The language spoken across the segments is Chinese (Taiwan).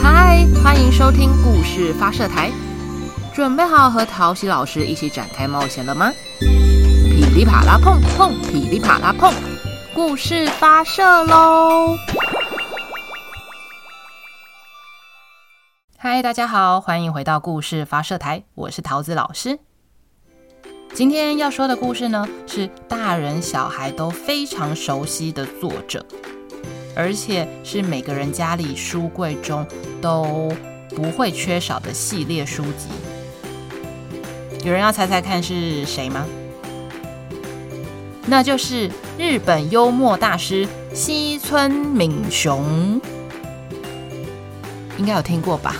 嗨，歡迎收聽故事發射台，準備好和陶喜老師一起展開冒險了嗎？噼里啪啦碰碰，噼里啪啦碰，故事發射嘍！嗨，大家好，歡迎回到故事發射台，我是桃子老師。今天要說的故事呢，是大人小孩都非常熟悉的作者。而且是每個人家裡書櫃中都不會缺少的系列書籍。有人要猜猜看是誰嗎？那就是日本幽默大師西村敏雄，應該有聽過吧？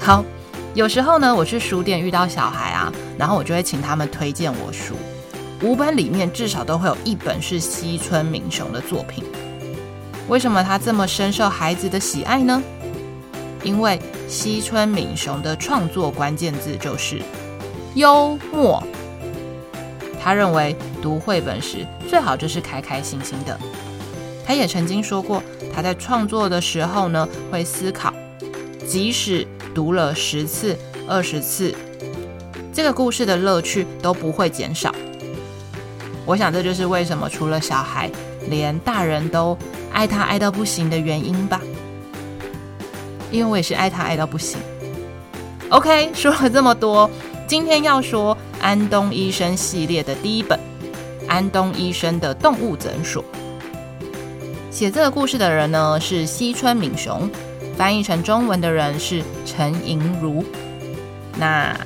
好，有時候呢，我去書店遇到小孩啊，然後我就會請他們推薦我書，五本裡面至少都會有一本是西村敏雄的作品。為什麼他這麼深受孩子的喜愛呢？因為西村敏雄的創作關鍵字就是幽默。他認為讀繪本時最好就是開開心心的。他也曾經說過，他在創作的時候呢，會思考，即使讀了十次、二十次，這個故事的樂趣都不會減少。我想這就是為什麼除了小孩，連大人都愛他愛到不行的原因吧。因為我也是愛他愛到不行。OK，說了這麼多，今天要說《安東醫生》系列的第一本《安東醫生的動物診所》。寫這個故事的人呢，是西村敏雄，翻譯成中文的人是陳盈如。那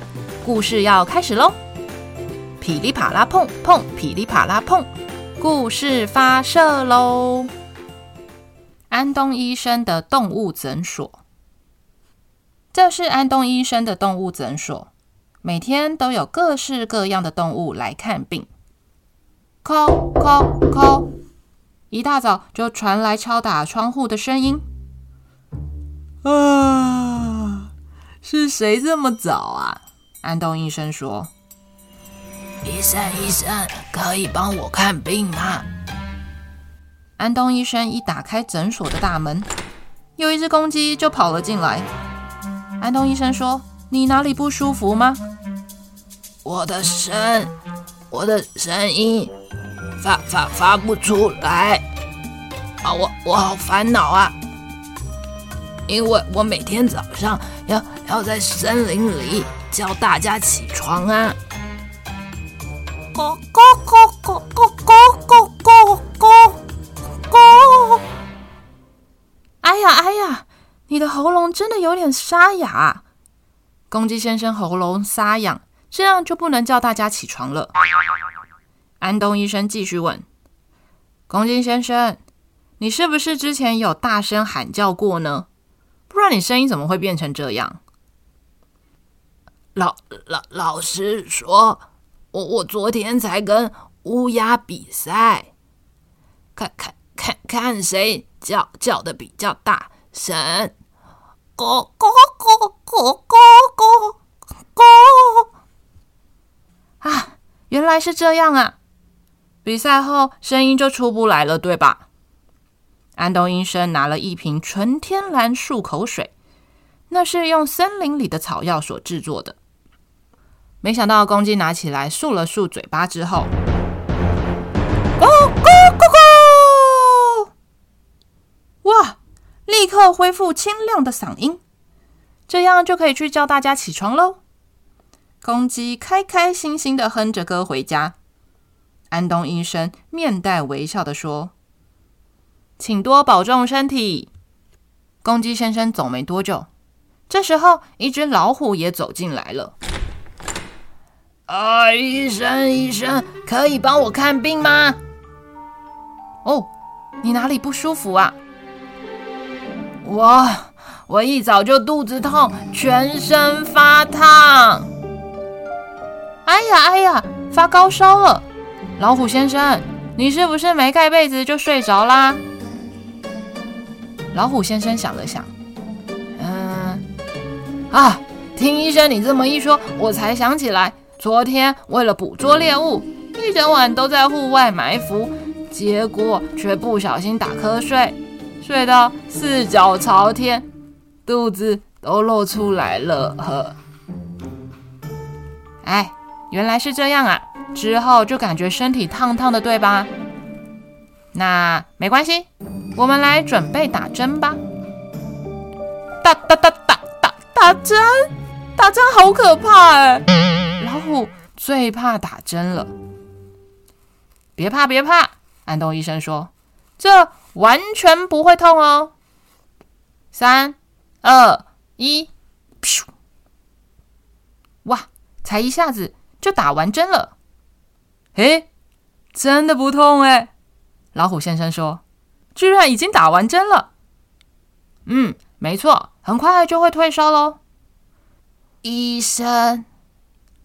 故事要開始嘍。噼里啪啦碰碰，噼里啪啦碰，故事發射嘍！安東醫生的動物診所，這是安東醫生的動物診所，每天都有各式各樣的動物來看病。叩叩叩，一大早就傳來敲打窗戶的聲音。啊，是誰這麼早啊？安東醫生說。醫生，醫生，可以幫我看病嗎？安東醫生一打開診所的大門，有一隻公雞就跑了進來。安東醫生說：“你哪裡不舒服嗎？”我的聲，我的聲音發發發不出來啊！我我好煩惱啊！因為我每天早上要要在森林裡叫大家起床啊。哎呀哎呀，你的喉嚨真的有點沙啞啊。公雞先生喉嚨沙啞，這樣就不能叫大家起床了。安東醫生繼續問：“公雞先生，你是不是之前有大聲喊叫過呢？不然你聲音怎麼會變成這樣？”老老老實說。我、哦、我昨天才跟烏鴉比賽，看看看看誰叫叫的比較大聲，咕咕咕咕咕咕咕啊！原來是這樣啊！比賽後聲音就出不來了，對吧？安東醫生拿了一瓶純天然漱口水，那是用森林裡的草藥所製作的。沒想到公雞拿起來漱了漱嘴巴之後，咕咕咕咕！哇，立刻恢復清亮的嗓音，這樣就可以去叫大家起床嘍。公雞開開心心的哼着歌回家。安東醫生面帶微笑的說：“請多保重身體。”公雞先生走沒多久，這時候一隻老虎也走進來了。啊！醫生，醫生，可以幫我看病嗎？哦，你哪裡不舒服啊？我我一早就肚子痛，全身發燙。哎呀哎呀，發高燒了！老虎先生，你是不是沒蓋被子就睡着啦？老虎先生想了想，嗯、呃，啊，聽醫生你這麼一說，我才想起來。昨天為了捕捉獵物，一整晚都在戶外埋伏，結果卻不小心打瞌睡，睡到四腳朝天，肚子都露出來了。呵，哎，原來是這樣啊！之後就感覺身體燙燙的，對吧？那沒關係，我們來準備打針吧。打打打打打打針，打針好可怕哎、欸！老虎最怕打針了，別怕別怕！安東醫生說：“這完全不會痛哦。”三、二、一，咻！哇，才一下子就打完針了！誒，真的不痛哎！老虎先生說：“居然已經打完針了。”嗯，沒錯，很快就會退燒嘍。醫生。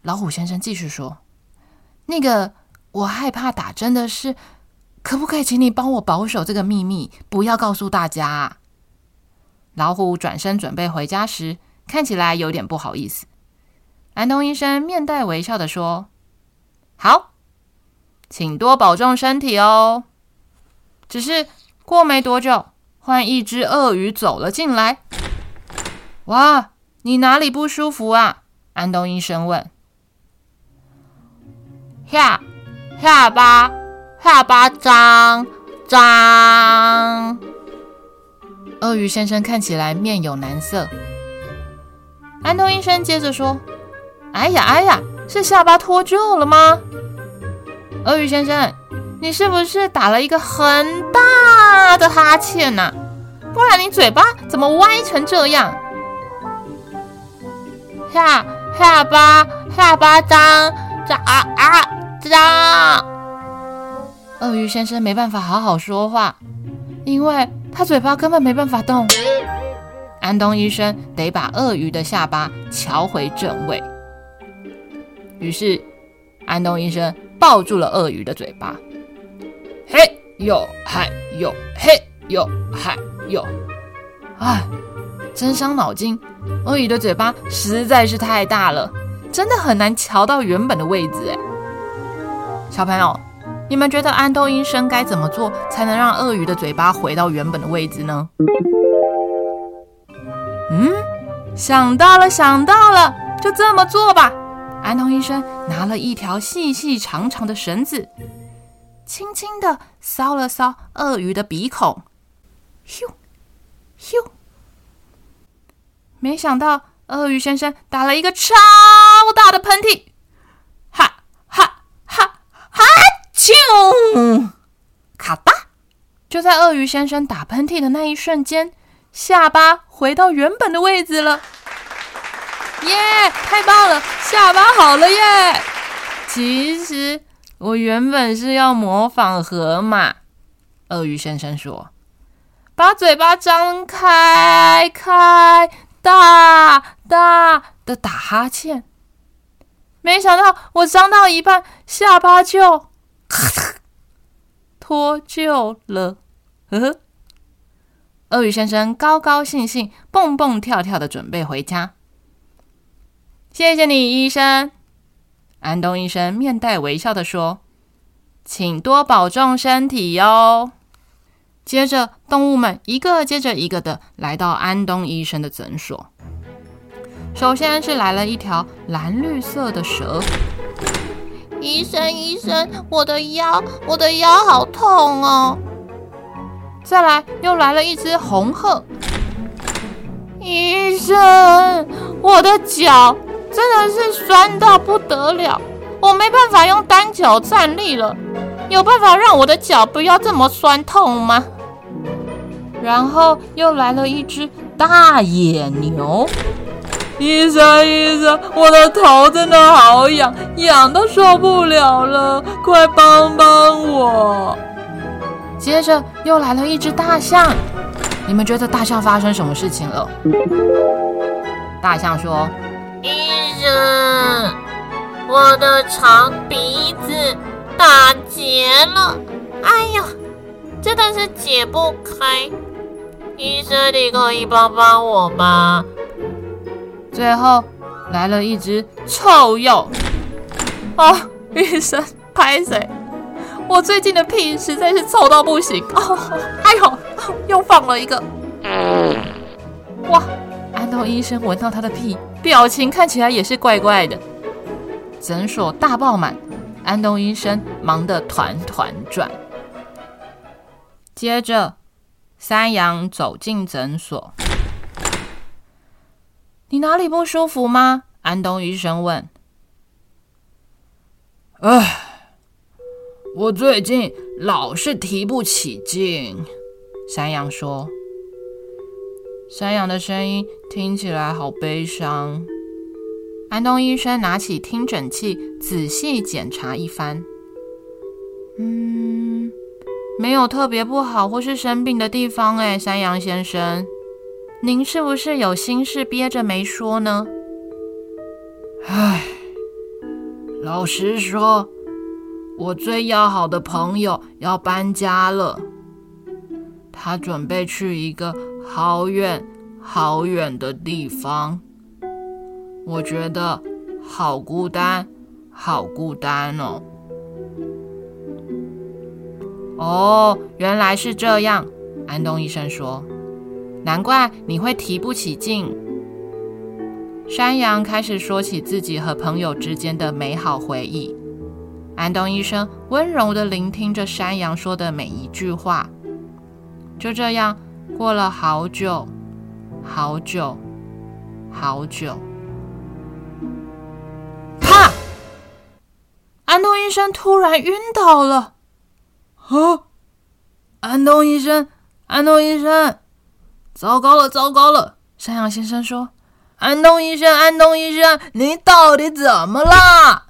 老虎先生繼續說：“那個，我害怕打針的事，可不可以請你幫我保守這個秘密，不要告訴大家啊？”老虎轉身準備回家時，看起來有點不好意思。安東醫生面帶微笑地說：“好，請多保重身體哦。”只是過沒多久，換一隻鱷魚走了進來。“哇，你哪裡不舒服啊？”安東醫生問。下下巴下巴張張，鱷魚先生看起來面有難色。安東醫生接着說：“哎呀哎呀，是下巴脫臼了嗎？鱷魚先生，你是不是打了一個很大的哈欠呢？啊？不然你嘴巴怎麼歪成這樣？下下巴下巴張張啊啊！”啊啊！鱷魚先生沒辦法好好說話，因為他嘴巴根本沒辦法動。安東醫生得把鱷魚的下巴喬回正位。於是，安東醫生抱住了鱷魚的嘴巴。嘿喲嗨喲嘿喲嗨喲，哎，真傷腦筋！鱷魚的嘴巴實在是太大了，真的很難喬到原本的位置哎。小朋友，你們覺得安東醫生該怎麼做才能讓鱷魚的嘴巴回到原本的位置呢？嗯，想到了，想到了，就這麼做吧。安東醫生拿了一條細細長長的繩子，輕輕的搔了搔鱷魚的鼻孔，咻，咻，沒想到鱷魚先生打了一個超大的噴嚏。阿嚏！卡巴，就在鱷魚先生打噴嚏的那一瞬間，下巴回到原本的位置了。耶、yeah，太棒了，下巴好了耶！其實我原本是要模仿河馬。鱷魚先生說：“把嘴巴張開，開大大的打哈欠。”沒想到我張到一半，下巴就脫臼了。呵呵。鱷魚先生高高興興、蹦蹦跳跳的準備回家。謝謝你，醫生。安東醫生面帶微笑的說：“請多保重身體喲。”接着，動物們一個接着一個的來到安東醫生的診所。首先是來了一條藍綠色的蛇。醫生，醫生，我的腰，我的腰好痛哦！再來，又來了一只紅鶴。醫生，我的腳真的是酸到不得了，我沒辦法用單腳站立了。有辦法讓我的腳不要這麼酸痛嗎？然後又來了一只大野牛。醫生，醫生，我的頭真的好癢，癢得受不了了，快幫幫我！接着又來了一隻大象，你們覺得大象發生什麼事情了？大象說：“醫生，我的長鼻子打結了，哎呀，真的是解不開，醫生，你可以幫幫我嗎？”最後來了一隻臭鼬哦，醫生，拍誰？我最近的屁實在是臭到不行哦，還、哎呦，又放了一個哇！安東醫生聞到他的屁，表情看起來也是怪怪的。診所大爆滿，安東醫生忙得團團轉。接着，山羊走進診所。你哪裡不舒服嗎？安東醫生問。唉，我最近老是提不起勁。山羊說。山羊的聲音聽起來好悲傷。安東醫生拿起聽診器仔細檢查一番。嗯，沒有特別不好或是生病的地方，哎，山羊先生。您是不是有心事憋着沒說呢？唉，老實說，我最要好的朋友要搬家了，他準備去一個好遠好遠的地方，我覺得好孤單，好孤單哦。哦，原來是這樣，安東醫生說。難怪你會提不起勁。山羊開始說起自己和朋友之間的美好回憶，安東醫生溫柔的聆聽着山羊說的每一句話。就這樣過了好久，好久，好久。啊！安東醫生突然暈倒了。啊！安東醫生，安東醫生！糟糕了，糟糕了！山羊先生說：“安東醫生，安東醫生，你到底怎麼了？”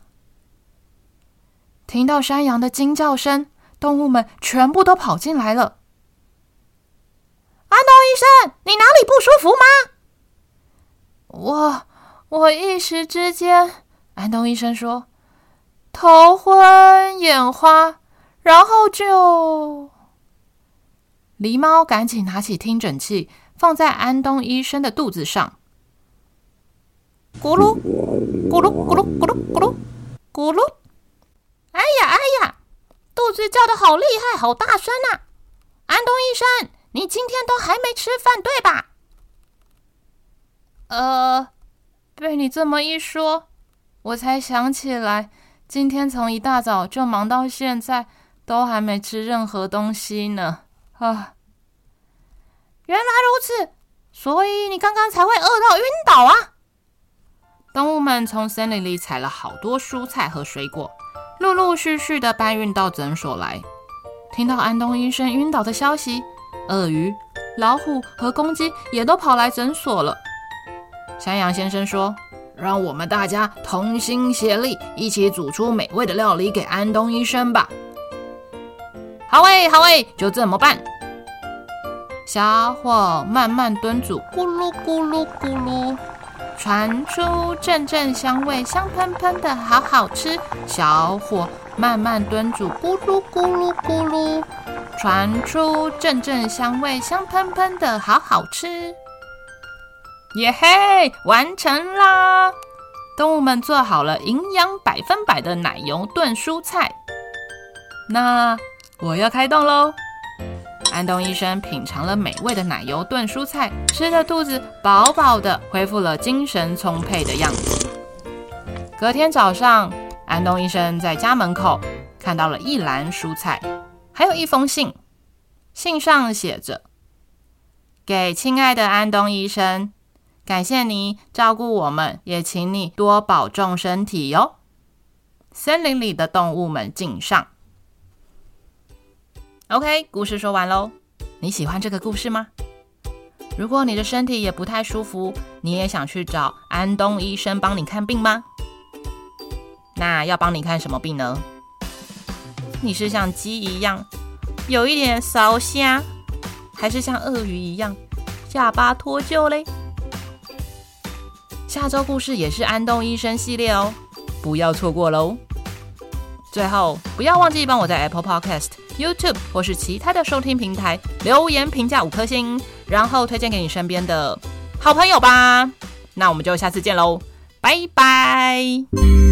聽到山羊的驚叫聲，動物們全部都跑進來了。“安東醫生，你哪裡不舒服嗎？”“我……我一時之間……”安東醫生說：“頭昏眼花，然後就……”狸貓趕緊拿起聽診器，放在安東醫生的肚子上。咕嚕咕嚕咕嚕咕嚕咕嚕咕嚕咕嚕！哎呀哎呀，肚子叫得好厲害，好大聲吶，啊！安東醫生，你今天都還沒吃飯，對吧？呃，被你這麼一說，我才想起來，今天從一大早就忙到現在，都還沒吃任何東西呢。啊，原來如此，所以你剛剛才會餓到暈倒啊！動物們從森林裡採了好多蔬菜和水果，陸陸續續的搬運到診所來。聽到安東醫生暈倒的消息，鱷魚、老虎和公雞也都跑來診所了。山羊先生說：“讓我們大家同心協力，一起煮出美味的料理給安東醫生吧。”好喂、欸，好喂、欸，就這麼辦。小火慢慢燉煮，咕嚕咕嚕咕嚕，傳出陣陣香味，香噴噴的，好好吃。小火慢慢燉煮，咕嚕咕嚕咕嚕，傳出陣陣香味，香噴噴的，好好吃。耶嘿，完成啦！動物們做好了營養百分百的奶油燉蔬菜。那。我要開動嘍！安東醫生品嚐了美味的奶油燉蔬菜，吃得肚子飽飽的，恢復了精神充沛的樣子。隔天早上，安東醫生在家門口看到了一籃蔬菜，還有一封信。信上寫着：“給親愛的安東醫生，感謝你照顧我們，也請你多保重身體喲。”森林裡的動物們敬上。OK，故事說完嘍。你喜歡這個故事嗎？如果你的身體也不太舒服，你也想去找安東醫生幫你看病嗎？那要幫你看什麼病呢？你是像雞一樣，有一點燒心，還是像鱷魚一樣，下巴脫臼嘞？下周故事也是安東醫生系列哦，不要錯過嘍。最後，不要忘記幫我在 Apple Podcast、YouTube 或是其他的收聽平台，留言評價五顆星，然後推薦給你身邊的好朋友吧。那我們就下次見嘍，拜拜。